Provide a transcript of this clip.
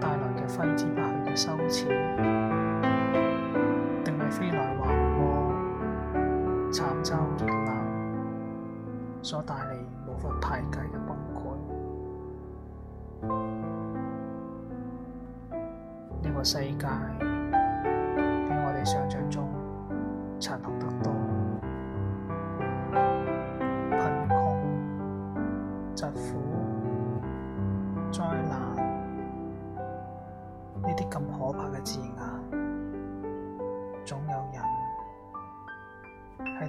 帶來嘅揮之不去嘅羞恥，定係飛來橫禍、慘遭劫難所帶嚟無法排解嘅崩潰？呢、這個世界比我哋想像中殘酷得多。